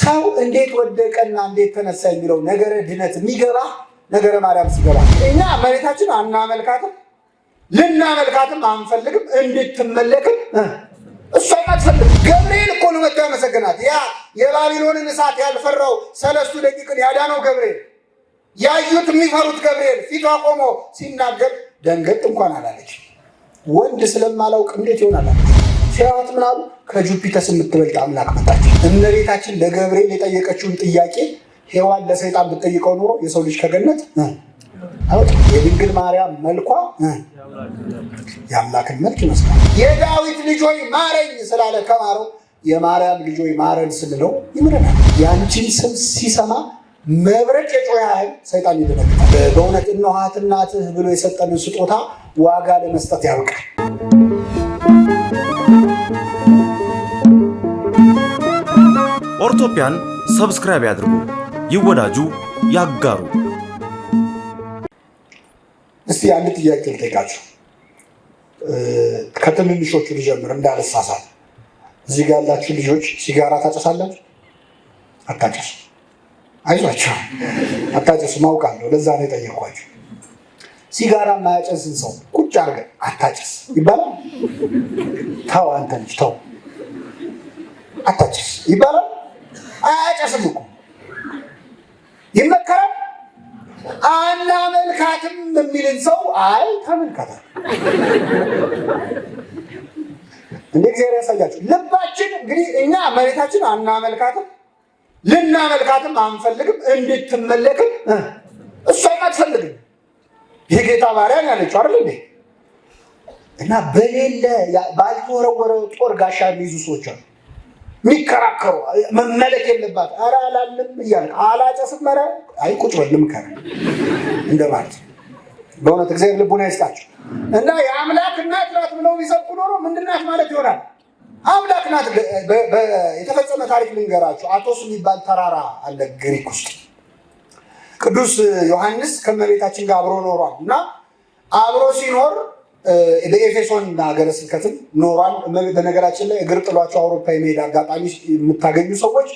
ሰው እንዴት ወደቀና እንዴት ተነሳ የሚለው ነገረ ድነት የሚገባ ነገረ ማርያም ሲገባ እኛ መሬታችን አናመልካትም፣ ልናመልካትም አንፈልግም፣ እንድትመለክም እሷ አትፈልግም። ገብርኤል እኮ ነው መጥቶ ያ የባቢሎንን እሳት ያልፈራው ሰለስቱ ደቂቅን ያዳነው ገብርኤል፣ ያዩት የሚፈሩት ገብርኤል ፊቷ ቆሞ ሲናገር ደንገጥ እንኳን አላለች። ወንድ ስለማላውቅ እንዴት ይሆናል? ሲያዩት ምናሉ አሉ? ከጁፒተስ የምትበልጥ አምላክ መጣች። እመቤታችን ለገብርኤል የጠየቀችውን ጥያቄ ሔዋን ለሰይጣን ብትጠይቀው ኑሮ የሰው ልጅ ከገነት የድንግል ማርያም መልኳ የአምላክን መልክ ይመስላል። የዳዊት ልጆይ ማረኝ ስላለ ከማረው የማርያም ልጆይ ማረን ስንለው ይምረናል። ያንቺን ስም ሲሰማ መብረቅ የጮኸ ያህል ሰይጣን ይደነግጣል። በእውነት እነኋት እናትህ ብሎ የሰጠንን ስጦታ ዋጋ ለመስጠት ያውቃል። ኦርቶፒያን ሰብስክራይብ ያድርጉ፣ ይወዳጁ፣ ያጋሩ። እስቲ አንድ ጥያቄ ልጠይቃችሁ። ከትንንሾቹ ልጀምር እንዳልሳሳት። እዚህ ጋር ያላችሁ ልጆች ሲጋራ ታጨሳላችሁ? አታጨሱ። አይዟቸው፣ አታጨሱ። ማውቃለሁ። ለዛ ነው የጠየኳችሁ። ሲጋራ ማያጨስን ሰው ቁጭ አርገ አታጨስ ይባላል? ተው አንተ ልጅ ተው አታጨስ ይባላል? አያጨስም እኮ ይመከራል። አናመልካትም የሚልን ሰው አይ ተመልካታል። እንደ እግዚአብሔር ያሳያችሁ። ልባችን እንግዲህ እኛ መሬታችን አናመልካትም፣ ልናመልካትም አንፈልግም፣ እንድትመለክም እሷም አትፈልግም። የጌታ ባሪያ ያለችው አይደል እንዴ? እና በሌለ ባልተወረወረ ጦር ጋሻ የሚይዙ ሰዎች አሉ፣ የሚከራከሩ መመለክ የለባት ኧረ አላልም እያለ አላጨስም ኧረ አይ ቁጭ በልም ከረ ማለት በእውነት እግዚአብሔር ልቡን አይስጣቸው። እና የአምላክ እናት ናት ብለው ቢሰብኩ ኖሮ ምንድናት ማለት ይሆናል። አምላክ ናት የተፈጸመ ታሪክ ልንገራችሁ። አቶስ የሚባል ተራራ አለ ግሪክ ውስጥ ቅዱስ ዮሐንስ ከመቤታችን ጋር አብሮ ኖሯል እና አብሮ ሲኖር በኤፌሶን ሀገረ ስብከትም ኖሯል። በነገራችን ላይ እግር ጥሏቸው አውሮፓ የመሄድ አጋጣሚ የምታገኙ ሰዎች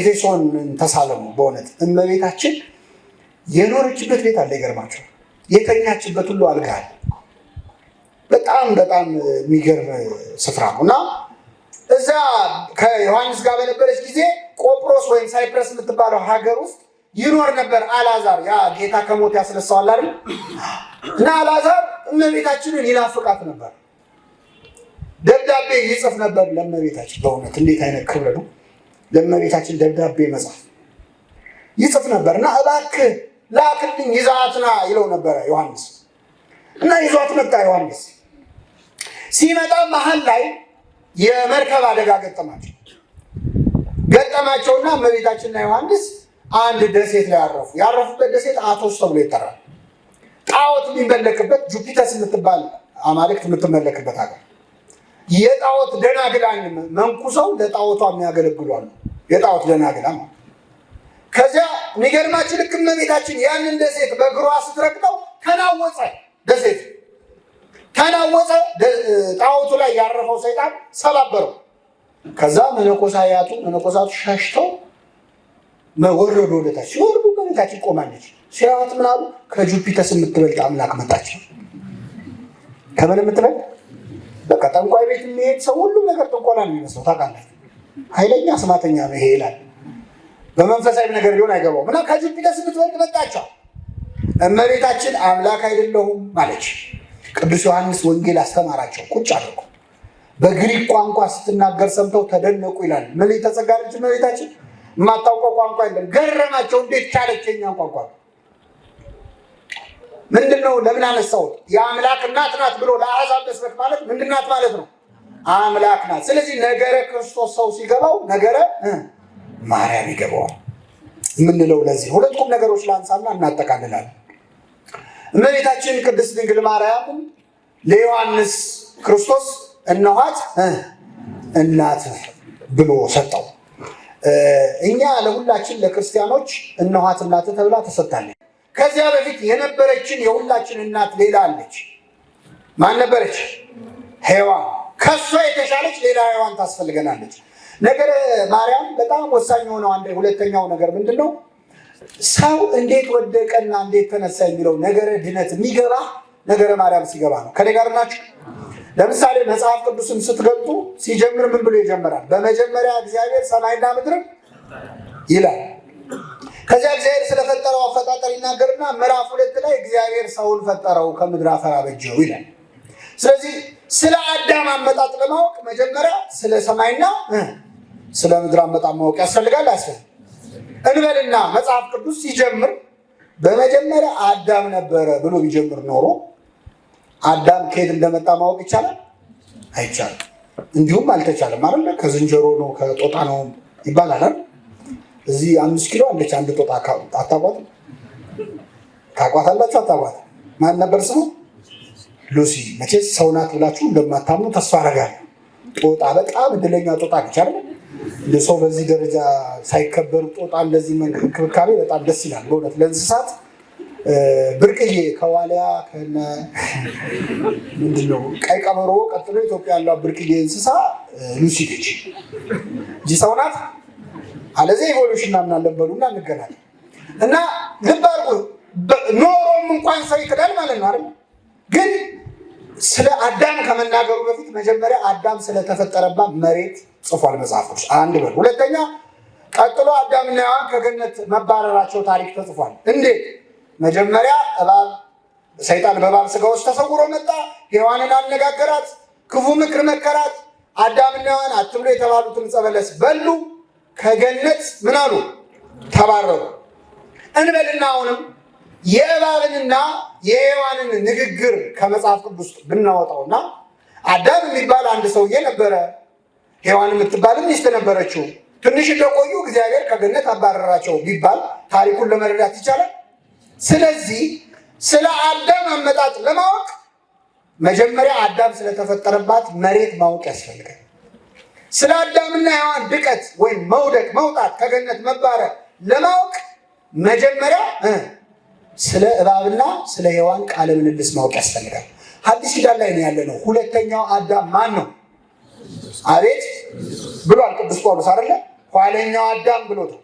ኤፌሶን ተሳለሙ። በእውነት እመቤታችን የኖረችበት ቤት አለ። ይገርማቸው የተኛችበት ሁሉ አልጋ አለ። በጣም በጣም የሚገርም ስፍራ ነው እና እዛ ከዮሐንስ ጋር በነበረች ጊዜ ቆጵሮስ ወይም ሳይፕረስ የምትባለው ሀገር ውስጥ ይኖር ነበር አላዛር ያ ጌታ ከሞት ያስነሳዋል አይደል? እና አልዓዛር እመቤታችንን ይናፍቃት ነበር፣ ደብዳቤ ይጽፍ ነበር ለእመቤታችን። በእውነት እንዴት አይነት ክብር ነው! ለእመቤታችን ደብዳቤ መጽሐፍ ይጽፍ ነበር እና እባክህ ላክልኝ ይዛትና ይለው ነበረ ዮሐንስ እና ይዟት መጣ ዮሐንስ። ሲመጣ መሀል ላይ የመርከብ አደጋ ገጠማቸው ገጠማቸውና እመቤታችንና ዮሐንስ አንድ ደሴት ላይ ያረፉ። ያረፉበት ደሴት አቶስ ተብሎ ይጠራል። ጣዖት የሚመለክበት ጁፒተስ የምትባል አማልክት የምትመለክበት ሀገር የጣዖት ደናግላን መንኩሰው ለጣዖቷ የሚያገለግሏል። የጣዖት ደናግላ ከዚያ የሚገርማችሁ ልክ እመቤታችን ያንን ደሴት በእግሯ ስትረግጠው ተናወፀ፣ ደሴት ተናወፀ። ጣዖቱ ላይ ያረፈው ሰይጣን ሰባበረው። ከዛ መነኮሳያቱ መነኮሳቱ ሸሽተው ወረዱ ወደታች። ሲወርዱ በበታች ይቆማለች። ሲያዋት ምናሉ ከጁፒተስ የምትበልጥ አምላክ መጣች። ከምን የምትበልጥ በቃ ጠንቋይ ቤት የሚሄድ ሰው ሁሉም ነገር ጥንቆላ ነው የሚመስለው። ታውቃለህ፣ ኃይለኛ ስማተኛ ነው ይሄ ይላል። በመንፈሳዊ ነገር ሊሆን አይገባውም። እና ከጁፒተስ የምትበልጥ መጣቸው። እመቤታችን አምላክ አይደለሁም ማለች። ቅዱስ ዮሐንስ ወንጌል አስተማራቸው፣ ቁጭ አድርጎ በግሪክ ቋንቋ ስትናገር ሰምተው ተደነቁ ይላል። ምን የተጸጋለች እመቤታችን የማታውቀው ቋንቋ የለም። ገረማቸው። እንዴት ቻለች የኛን ቋንቋ? ምንድን ነው? ለምን አነሳሁት? የአምላክ እናት ናት ብሎ ለአሕዛብ መስበክ ማለት ምንድን ናት ማለት ነው? አምላክ ናት። ስለዚህ ነገረ ክርስቶስ ሰው ሲገባው ነገረ ማርያም ይገባዋል የምንለው ለዚህ ሁለት ቁም ነገሮች ላንሳና እናጠቃልላለን። እመቤታችን ቅድስት ድንግል ማርያም ለዮሐንስ ክርስቶስ እነኋት እናት ብሎ ሰጠው። እኛ ለሁላችን ለክርስቲያኖች እነኋት እናት ተብላ ተሰጥታለች። ከዚያ በፊት የነበረችን የሁላችን እናት ሌላ አለች። ማን ነበረች? ሔዋን። ከሷ የተሻለች ሌላ ሔዋን ታስፈልገናለች። ነገር ማርያም በጣም ወሳኝ የሆነው አንድ ሁለተኛው ነገር ምንድን ነው? ሰው እንዴት ወደቀና እንዴት ተነሳ የሚለው ነገረ ድነት የሚገባ ነገረ ማርያም ሲገባ ነው። ከኔ ጋር ናችሁ? ለምሳሌ መጽሐፍ ቅዱስን ስትገልጡ ሲጀምር ምን ብሎ ይጀምራል? በመጀመሪያ እግዚአብሔር ሰማይና ምድር ይላል። ከዚያ እግዚአብሔር ስለፈጠረው አፈጣጠር ይናገርና ምዕራፍ ሁለት ላይ እግዚአብሔር ሰውን ፈጠረው ከምድር አፈር አበጀው ይላል። ስለዚህ ስለ አዳም አመጣጥ ለማወቅ መጀመሪያ ስለ ሰማይና ስለ ምድር አመጣጥ ማወቅ ያስፈልጋል። አስፈል እንበልና መጽሐፍ ቅዱስ ሲጀምር በመጀመሪያ አዳም ነበረ ብሎ ቢጀምር ኖሮ አዳም ከየት እንደመጣ ማወቅ ይቻላል? አይቻልም። እንዲሁም አልተቻለም አለ። ከዝንጀሮ ነው ከጦጣ ነው ይባላል። እዚህ አምስት ኪሎ አለች አንድ ጦጣ አታቋት። ታቋታላችሁ? አታቋት። ማን ነበር ስሙ? ሉሲ። መቼ ሰው ናት ብላችሁ እንደማታምኑ ተስፋ አደርጋለሁ። ጦጣ በጣም እድለኛ ጦጣ ነች እንደ ሰው በዚህ ደረጃ ሳይከበር ጦጣ እንደዚህ እንክብካቤ በጣም ደስ ይላል በእውነት ለእንስሳት ብርቅዬ ከዋሊያ ከነ ምንድን ነው ቀይ ቀበሮ ቀጥሎ ኢትዮጵያ ያለ ብርቅዬ እንስሳ ሉሲ ነች እንጂ ሰው ናት? አለዚያ ኢቮሉሽን እናምናለን በሉና እንገናለን። እና ልባርቁ ኖሮም እንኳን ሰው ይክዳል ማለት ነው አይደል? ግን ስለ አዳም ከመናገሩ በፊት መጀመሪያ አዳም ስለተፈጠረባት መሬት ጽፏል መጽሐፎች አንድ በር ሁለተኛ፣ ቀጥሎ አዳምና ሔዋን ከገነት መባረራቸው ታሪክ ተጽፏል። እንዴት መጀመሪያ እባብ ሰይጣን በእባብ ስጋ ውስጥ ተሰውሮ መጣ። ሔዋንን አነጋገራት፣ ክፉ ምክር መከራት። አዳምና ሔዋን አትብሎ የተባሉትን ዕፀ በለስ በሉ፣ ከገነት ምን አሉ? ተባረሩ። እንበልና አሁንም የእባብንና የሔዋንን ንግግር ከመጽሐፍ ቅዱስ ብናወጣውና አዳም የሚባል አንድ ሰውዬ ነበረ፣ ሔዋን የምትባል ሚስት ነበረችው። ትንሽ እንደቆዩ እግዚአብሔር ከገነት አባረራቸው ቢባል ታሪኩን ለመረዳት ይቻላል። ስለዚህ ስለ አዳም አመጣጥ ለማወቅ መጀመሪያ አዳም ስለተፈጠረባት መሬት ማወቅ ያስፈልጋል። ስለ አዳምና ሔዋን ድቀት ወይም መውደቅ፣ መውጣት፣ ከገነት መባረር ለማወቅ መጀመሪያ ስለ እባብና ስለ ሔዋን ቃለ ምልልስ ማወቅ ያስፈልጋል። ሐዲስ ኪዳን ላይ ነው ያለ ነው። ሁለተኛው አዳም ማን ነው? አቤት ብሏል ቅዱስ ጳውሎስ አይደለ? ኋለኛው አዳም ብሎታል።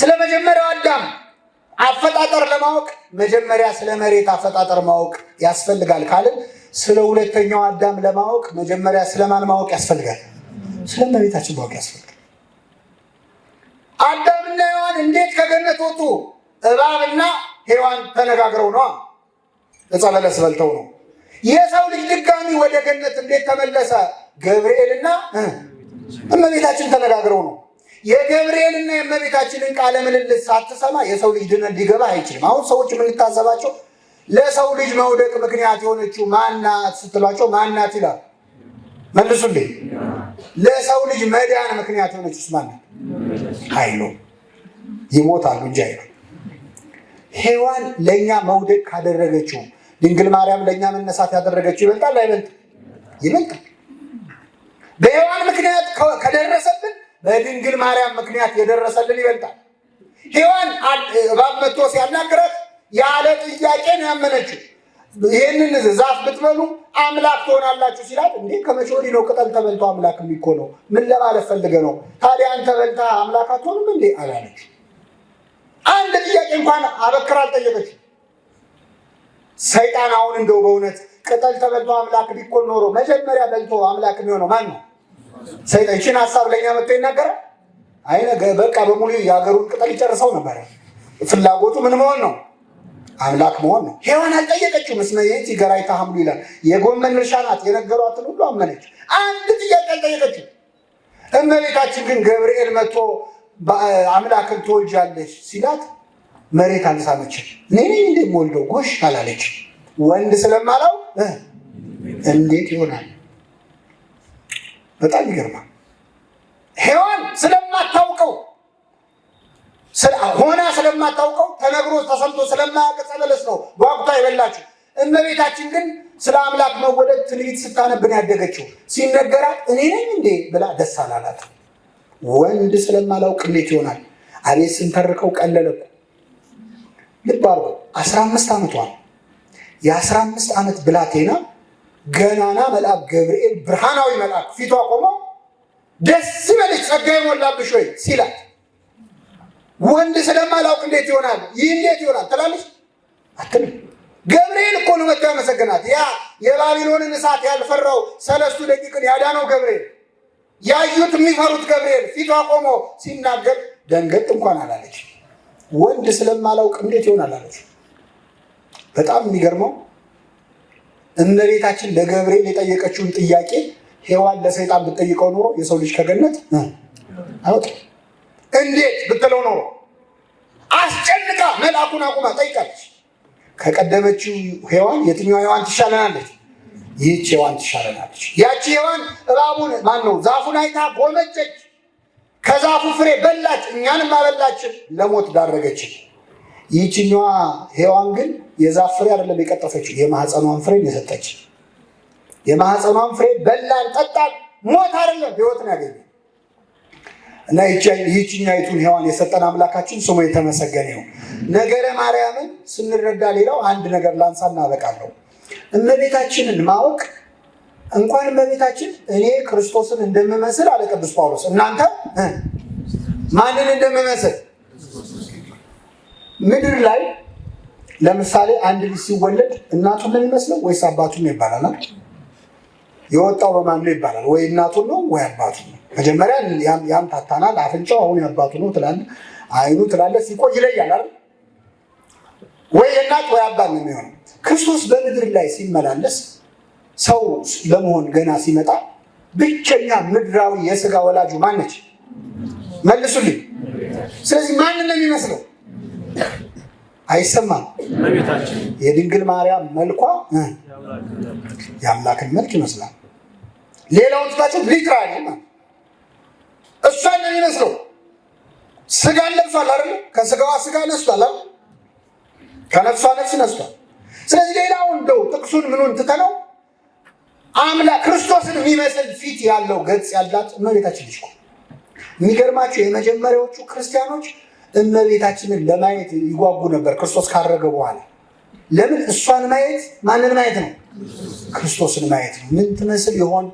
ስለ መጀመሪያው አዳም አፈጣጠር ለማወቅ መጀመሪያ ስለ መሬት አፈጣጠር ማወቅ ያስፈልጋል ካልን ስለ ሁለተኛው አዳም ለማወቅ መጀመሪያ ስለማን ማወቅ ያስፈልጋል? ስለ መሬታችን ማወቅ ያስፈልጋል። አዳምና ሔዋን እንዴት ከገነት ወጡ? እባብና ሔዋን ተነጋግረው ነዋ። ዕፀ በለስ በልተው ነው። የሰው ልጅ ድጋሚ ወደ ገነት እንዴት ተመለሰ? ገብርኤልና እመቤታችን ተነጋግረው ነው። የገብርኤልና የእመቤታችንን ቃለ ምልልስ ሳትሰማ የሰው ልጅ ድነት ሊገባ አይችልም። አሁን ሰዎች የምንታዘባቸው ለሰው ልጅ መውደቅ ምክንያት የሆነችው ማናት ስትሏቸው ማናት ይላል። መልሱልኝ። ለሰው ልጅ መዳን ምክንያት የሆነችስ ማናት? ኃይሉ ይሞታሉ እንጂ አይሉ ሔዋን ለእኛ መውደቅ ካደረገችው ድንግል ማርያም ለእኛ መነሳት ያደረገችው ይበልጣል አይበልጥ? ይበልጣል። በሔዋን ምክንያት ከደረሰብን በድንግል ማርያም ምክንያት የደረሰልን ይበልጣል። ሔዋን እባብ መጥቶ ሲያናግራት ያለ ጥያቄ ነው ያመነችው። ይህንን ዛፍ ብትበሉ አምላክ ትሆናላችሁ ሲላት፣ እንዴ ከመቼ ወዲህ ነው ቅጠል ተበልቶ አምላክ ነው? ምን ለማለት ፈልገ ነው? ታዲያ አንተ በልታ አምላክ አትሆንም እንዴ አላለች። አንድ ጥያቄ እንኳን አበክራ አልጠየቀች። ሰይጣን አሁን እንደው በእውነት ቅጠል ተበልቶ አምላክ ቢኮን ኖሮ መጀመሪያ በልቶ አምላክ የሚሆነው ማን ነው? ይችን ሀሳብ ለኛ መጥቶ ይናገራል። አይነ በቃ በሙሉ የሀገሩን ቅጠል ይጨርሰው ነበረ። ፍላጎቱ ምን መሆን ነው? አምላክ መሆን ነው። ሔዋን አልጠየቀችም። እስመ ይእቲ ገራይታ ሐምሉ ይላል። የጎመን እርሻ ናት። የነገሯትን ሁሉ አመነች። አንድ ጥያቄ አልጠየቀችው? እመቤታችን ግን ገብርኤል መጥቶ አምላክን ትወልጃለች ሲላት መሬት አልሳመች እኔ እንደምወልደው ጎሽ አላለች። ወንድ ስለማላው እንዴት ይሆናል በጣም ይገርማል። ሔዋን ስለማታውቀው ሆና ስለማታውቀው ተነግሮ ተሰምቶ ስለማያውቅ በለስ ነው ጓጉታ የበላችሁ። እመቤታችን ግን ስለ አምላክ መወለድ ትንቢት ስታነብን ያደገችው ሲነገራት እኔ ነኝ እንዴ ብላ ደስ አላላት። ወንድ ስለማላውቅ እንዴት ይሆናል? አቤት ስንተርከው ቀለለኩ። ልብ አድርጎ አስራ አምስት ዓመቷ ነው የአስራ አምስት ዓመት ብላቴና ገናና መልአክ ገብርኤል ብርሃናዊ መልአክ ፊቷ ቆሞ ደስ ይበልሽ ጸጋ የሞላብሽ ወይ ሲላት፣ ወንድ ስለማላውቅ እንዴት ይሆናል ይህ እንዴት ይሆናል ትላለች አትልም። ገብርኤል እኮ ነው መጥቶ ያመሰግናት። ያ የባቢሎንን እሳት ያልፈራው ሰለስቱ ደቂቅን ያዳነው ገብርኤል፣ ያዩት የሚፈሩት ገብርኤል ፊቷ ቆሞ ሲናገር ደንገጥ እንኳን አላለች። ወንድ ስለማላውቅ እንዴት ይሆናል አለች። በጣም የሚገርመው እመቤታችን ለገብርኤል የጠየቀችውን ጥያቄ ሔዋን ለሰይጣን ብትጠይቀው ኖሮ የሰው ልጅ ከገነት አይወጥ እንዴት ብትለው ኖሮ አስጨንቃ መልአኩን አቁማ ጠይቃለች። ከቀደመችው ሔዋን የትኛው ሔዋን ትሻለናለች? ይህች ሔዋን ትሻለናለች። ያቺ ሔዋን እባቡን ማን ነው ዛፉን አይታ ጎመጨች፣ ከዛፉ ፍሬ በላች፣ እኛንም አበላችን፣ ለሞት ዳረገችን። ይህችኛዋ ሔዋን ግን የዛፍ ፍሬ አይደለም የቀጠፈችው፣ የማህፀኗን ፍሬ የሰጠች። የማህፀኗን ፍሬ በላን ጠጣን፣ ሞት አይደለም ህይወትን ያገኘ እና ይህችኛይቱን ሔዋን የሰጠን አምላካችን ስሙ የተመሰገነ ይሁን። ነገረ ማርያምን ስንረዳ ሌላው አንድ ነገር ላንሳ እናበቃለሁ። እመቤታችንን ማወቅ እንኳን እመቤታችን እኔ ክርስቶስን እንደምመስል አለ ቅዱስ ጳውሎስ፣ እናንተ ማንን እንደምመስል ምድር ላይ ለምሳሌ አንድ ልጅ ሲወለድ እናቱን ነው የሚመስለው ወይስ አባቱን ነው ይባላል። የወጣው በማን ነው ይባላል? ወይ እናቱን ነው ወይ አባቱ ነው። መጀመሪያ ያም ታታናል። አፍንጫው አሁን የአባቱ ነው ትላለ፣ አይኑ ትላለ፣ ሲቆይ ይለያል አይደል? ወይ የእናት ወይ አባት ነው የሚሆነው። ክርስቶስ በምድር ላይ ሲመላለስ ሰው ለመሆን ገና ሲመጣ ብቸኛ ምድራዊ የስጋ ወላጁ ማን ነች? መልሱልኝ። ስለዚህ ማንን ነው የሚመስለው? አይሰማም። የድንግል ማርያም መልኳ የአምላክን መልክ ይመስላል። ሌላውን ትታችሁ ሊትራሊ እሷን ነው የሚመስለው። ስጋን ለብሷል አይደለ? ከስጋዋ ስጋ ነስቷል አይደል? ከነፍሷ ነፍስ ነስቷል። ስለዚህ ሌላው እንደው ጥቅሱን ምኑን ትተነው አምላክ ክርስቶስን የሚመስል ፊት ያለው ገጽ ያላት እመቤታችን ልጅ እኮ የሚገርማቸው የመጀመሪያዎቹ ክርስቲያኖች እመቤታችንን ለማየት ይጓጉ ነበር። ክርስቶስ ካረገ በኋላ ለምን? እሷን ማየት ማንን ማየት ነው? ክርስቶስን ማየት ነው። ምን ትመስል ይሆን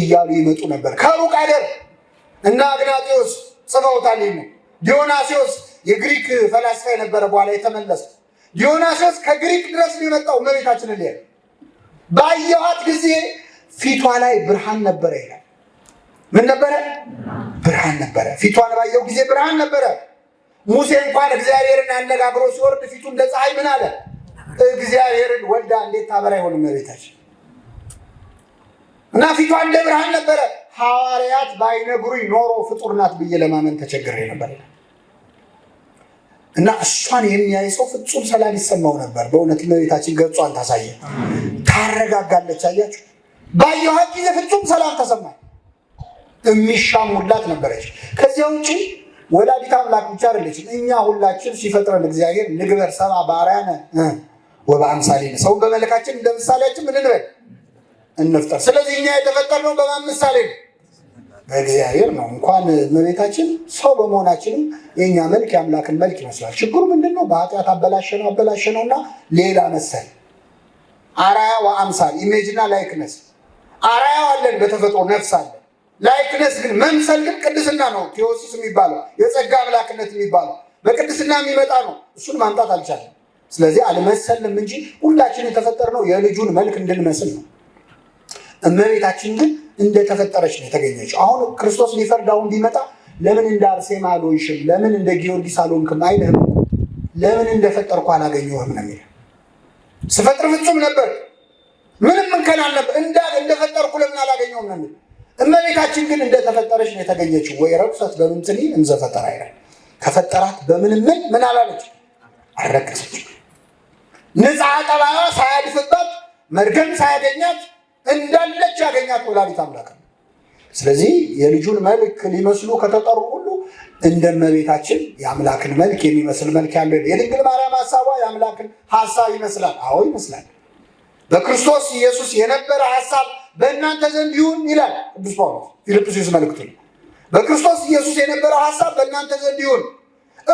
እያሉ ይመጡ ነበር ከሩቅ አገር እና አግናጢዎስ ጽፈውታል። ነው ዲዮናሲዎስ የግሪክ ፈላስፋ የነበረ በኋላ የተመለሰ ዲዮናሲዎስ ከግሪክ ድረስ ነው የመጣው። እመቤታችንን ሊያ ባየኋት ጊዜ ፊቷ ላይ ብርሃን ነበረ ይላል። ምን ነበረ? ብርሃን ነበረ። ፊቷን ባየው ጊዜ ብርሃን ነበረ። ሙሴ እንኳን እግዚአብሔርን አነጋግሮ ሲወርድ ፊቱ እንደ ፀሐይ ምን አለ? እግዚአብሔርን ወልዳ እንዴት ታበራ አይሆንም መቤታችን እና ፊቷ እንደ ብርሃን ነበረ። ሐዋርያት ባይነግሩኝ ኖሮ ፍጡር ናት ብዬ ለማመን ተቸግሬ ነበር። እና እሷን የሚያይ ሰው ፍጹም ሰላም ይሰማው ነበር። በእውነት መቤታችን ገጿን ታሳየ፣ ታረጋጋለች። አያችሁ፣ ባየኋት ጊዜ ፍጹም ሰላም ተሰማ የሚሻሙላት ነበረች። ከዚያ ውጭ ወላዲተ አምላክ ብቻ አይደለችም። እኛ ሁላችን ሲፈጥረን እግዚአብሔር ንግበር ሰብአ በአርአያነ ወበአምሳሌነ ሰውን በመልካችን እንደ ምሳሌያችን ምንንበል እንፍጠር። ስለዚህ እኛ የተፈጠርነው በማን ምሳሌ በእግዚአብሔር ነው። እንኳን እመቤታችን ሰው በመሆናችንም የእኛ መልክ የአምላክን መልክ ይመስላል። ችግሩ ምንድን ነው? በኃጢአት አበላሸነው አበላሸነው እና ሌላ መሰል አራያ ወአምሳል ኢሜጅና ላይክነስ አርአያ አለን። በተፈጥሮ ነፍስ አለ ላይክነስ ግን መምሰል ግን ቅድስና ነው። ቴዎሲስ የሚባለው የጸጋ አምላክነት የሚባለው በቅድስና የሚመጣ ነው። እሱን ማምጣት አልቻለም። ስለዚህ አልመሰልም እንጂ ሁላችን የተፈጠርነው የልጁን መልክ እንድንመስል ነው። እመቤታችን ግን እንደተፈጠረች ነው የተገኘችው። አሁን ክርስቶስ ሊፈርድ አሁን ቢመጣ ለምን እንደ አርሴማ አልሆንሽም፣ ለምን እንደ ጊዮርጊስ አልሆንክም አይልህም። ለምን እንደፈጠርኩ አላገኘሁህም ነው የሚለው። ስፈጥር ፍጹም ነበር፣ ምንም እንከን አልነበር። እንደፈጠርኩ ለምን አላገኘሁም ነው የሚለው እመቤታችን ግን እንደተፈጠረች ነው የተገኘችው። ወይ ረቁሰት በምንትኒ እንዘፈጠራ ይላል። ከፈጠራት በምን ምን ምን አላለች አረቀሰች። ንጽሐ ጠባይዋ ሳያድፍበት መርገም ሳያገኛት እንዳለች ያገኛት ወላዲት አምላክ ነው። ስለዚህ የልጁን መልክ ሊመስሉ ከተጠሩ ሁሉ እንደ እመቤታችን የአምላክን መልክ የሚመስል መልክ ያለው የድንግል ማርያም ሀሳቧ የአምላክን ሀሳብ ይመስላል። አዎ ይመስላል። በክርስቶስ ኢየሱስ የነበረ ሀሳብ በእናንተ ዘንድ ይሁን ይላል ቅዱስ ጳውሎስ ፊልጵስዩስ መልእክቱ። በክርስቶስ ኢየሱስ የነበረው ሀሳብ በእናንተ ዘንድ ይሁን።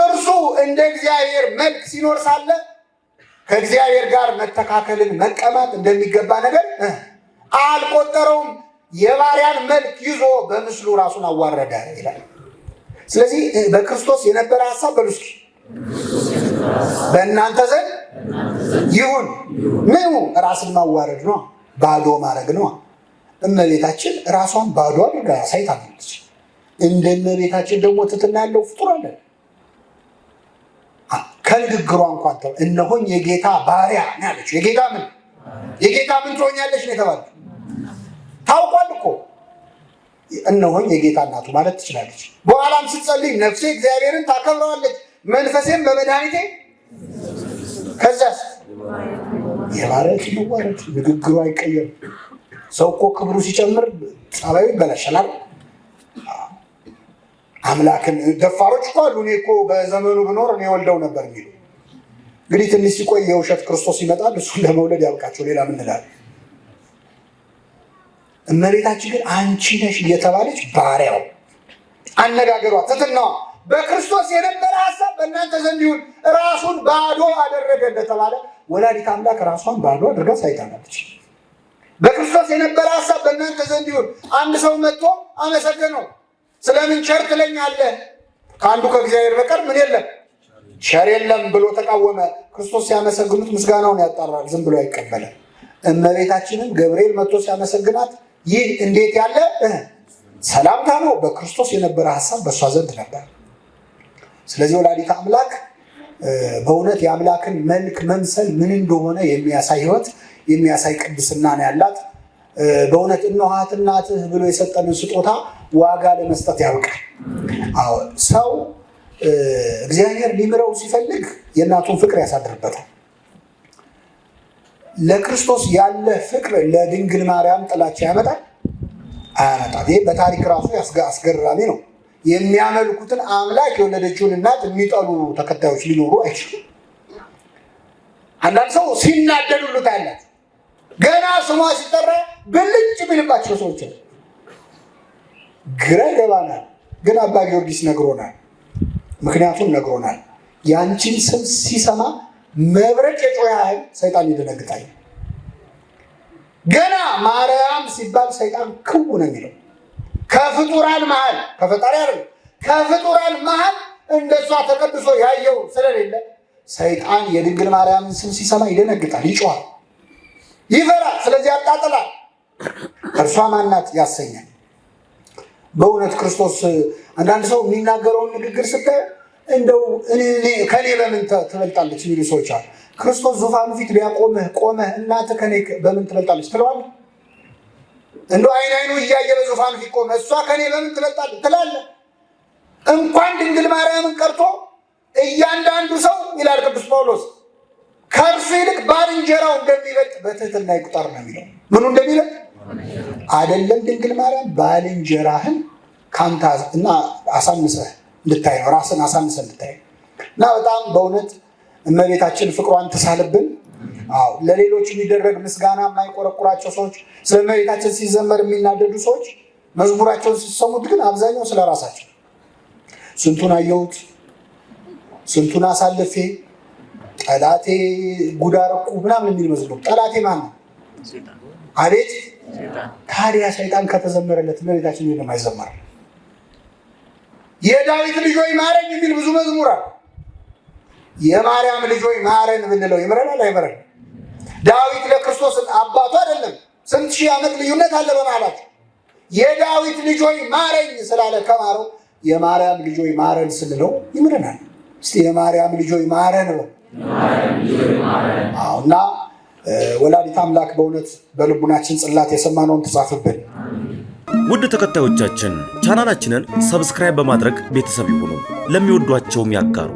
እርሱ እንደ እግዚአብሔር መልክ ሲኖር ሳለ ከእግዚአብሔር ጋር መተካከልን መቀማት እንደሚገባ ነገር አልቆጠረውም። የባሪያን መልክ ይዞ በምስሉ ራሱን አዋረደ ይላል። ስለዚህ በክርስቶስ የነበረ ሀሳብ በሉስኪ በእናንተ ዘንድ ይሁን ምኑ ራስን ማዋረድ ነው፣ ባዶ ማድረግ ነው። እመቤታችን ራሷን ባዶ አድርጋ አሳይታለች። እንደ እመቤታችን ደግሞ ትትና ያለው ፍጡር አለ። ከንግግሯ እንኳን ተው እነሆኝ የጌታ ባሪያ ነው ያለችው። የጌታ ምን የጌታ ምን ትሆኛለች ነው የተባለ ታውቋል እኮ እነሆኝ የጌታ እናቱ ማለት ትችላለች። በኋላም ስትጸልይ ነፍሴ እግዚአብሔርን ታከብረዋለች፣ መንፈሴም በመድኃኒቴ ከዛስ የባረት ይዋረት ንግግሯ አይቀየርም። ሰው እኮ ክብሩ ሲጨምር ጸባዩ ይበላሻል። አምላክን ደፋሮች እኮ አሉ። እኔ እኮ በዘመኑ ብኖር እኔ ወልደው ነበር የሚሉ እንግዲህ ትንሽ ሲቆይ የውሸት ክርስቶስ ይመጣል። እሱን ለመውለድ ያብቃቸው። ሌላ ምን እላለሁ? እመቤታችን ግን አንቺ ነሽ እየተባለች ባሪያው አነጋገሯ፣ ትትናዋ በክርስቶስ የነበረ ሀሳብ በእናንተ ዘንድ ይሁን። ራሱን ባዶ አደረገ እንደተባለ ወላዲት አምላክ ራሷን ባዶ አድርጋ ሳይታናለች። በክርስቶስ የነበረ ሀሳብ በእናንተ ዘንድ ይሁን። አንድ ሰው መጥቶ አመሰገነው። ስለምን ቸር ትለኛለህ? ከአንዱ ከእግዚአብሔር በቀር ምን የለም ቸር የለም ብሎ ተቃወመ። ክርስቶስ ሲያመሰግኑት ምስጋናውን ያጣራል፣ ዝም ብሎ አይቀበልም። እመቤታችንም ገብርኤል መጥቶ ሲያመሰግናት ይህ እንዴት ያለ ሰላምታ ነው! በክርስቶስ የነበረ ሀሳብ በእሷ ዘንድ ነበር። ስለዚህ ወላዲተ አምላክ በእውነት የአምላክን መልክ መምሰል ምን እንደሆነ የሚያሳይ ህይወት የሚያሳይ ቅድስና ነው ያላት። በእውነት እነኋት እናትህ ብሎ የሰጠንን ስጦታ ዋጋ ለመስጠት ያውቃል። አዎ ሰው እግዚአብሔር ሊምረው ሲፈልግ የእናቱን ፍቅር ያሳድርበታል። ለክርስቶስ ያለ ፍቅር ለድንግል ማርያም ጥላቻ ያመጣል አያመጣም? ይህ በታሪክ ራሱ አስገራሚ ነው። የሚያመልኩትን አምላክ የወለደችውን እናት የሚጠሉ ተከታዮች ሊኖሩ አይችሉም። አንዳንድ ሰው ሲናደዱሉት ያላት ገና ስሟ ሲጠራ ብልጭ ቢልባቸው ሰዎች ግራ ይገባናል። ግን አባ ጊዮርጊስ ነግሮናል። ምክንያቱም ነግሮናል። ያንቺን ስም ሲሰማ መብረቅ የጮ ያህል ሰይጣን ይደነግጣል። ገና ማርያም ሲባል ሰይጣን ክው ነው የሚለው ከፍጡራን መሃል ከፈጣሪ አይደል ከፍጡራን መሃል እንደሷ ተቀድሶ ያየው ስለሌለ ሰይጣን የድንግል ማርያምን ስም ሲሰማ ይደነግጣል፣ ይጮሃል። ይፈራል፣ ስለዚህ ያጣጥላል። እርሷ ማናት ያሰኛል። በእውነት ክርስቶስ አንዳንድ ሰው የሚናገረውን ንግግር ስታየው እንደው ከኔ በምን ትበልጣለች የሚሉ ሰዎች አሉ። ክርስቶስ ዙፋኑ ፊት ቢያቆምህ ቆመህ እናትህ ከኔ በምን ትበልጣለች ትለዋለህ? እንደው አይን አይኑ እያየ በዙፋኑ ፊት ቆመህ እሷ ከኔ በምን ትበልጣለች ትላለህ? እንኳን ድንግል ማርያምን ቀርቶ እያንዳንዱ ሰው ይላል ቅዱስ ጳውሎስ ባልንጀራው እንደሚበልጥ በትህትና ይቁጠር ነው የሚለው። ምኑ እንደሚበልጥ አይደለም ድንግል ማርያም ባልንጀራህን ካንተ እና አሳንሰህ እንድታይ ነው፣ ራስን አሳንሰህ እንድታይ እና በጣም በእውነት እመቤታችን ፍቅሯን ትሳልብን። አዎ ለሌሎች የሚደረግ ምስጋና የማይቆረቁራቸው ሰዎች፣ ስለ እመቤታችን ሲዘመር የሚናደዱ ሰዎች መዝሙራቸውን ሲሰሙት ግን አብዛኛው ስለ ራሳቸው ስንቱን አየሁት ስንቱን አሳልፌ ጠላቴ ጉዳረቁ ምናምን የሚል መስሎ ጠላቴ ማን ነው? አቤት ታዲያ ሰይጣን ከተዘመረለት መሬታችን ሚ አይዘመር። የዳዊት ልጆይ ማረኝ ማረን የሚል ብዙ መዝሙር አለ። የማርያም ልጆይ ማረን ብንለው ይምረናል አይምረን? ዳዊት ለክርስቶስ አባቱ አይደለም። ስንት ሺህ ዓመት ልዩነት አለ በመሃላቸው። የዳዊት ልጆይ ማረኝ ስላለ ከማረው የማርያም ልጆይ ማረን ስንለው ይምረናል። እስቲ የማርያም ልጆይ ማረን ነው እና ወላዲት አምላክ በእውነት በልቡናችን ጽላት የሰማነውን ትጻፍብን። ውድ ተከታዮቻችን ቻናላችንን ሰብስክራይብ በማድረግ ቤተሰብ ይሁኑ፣ ለሚወዷቸውም ያጋሩ።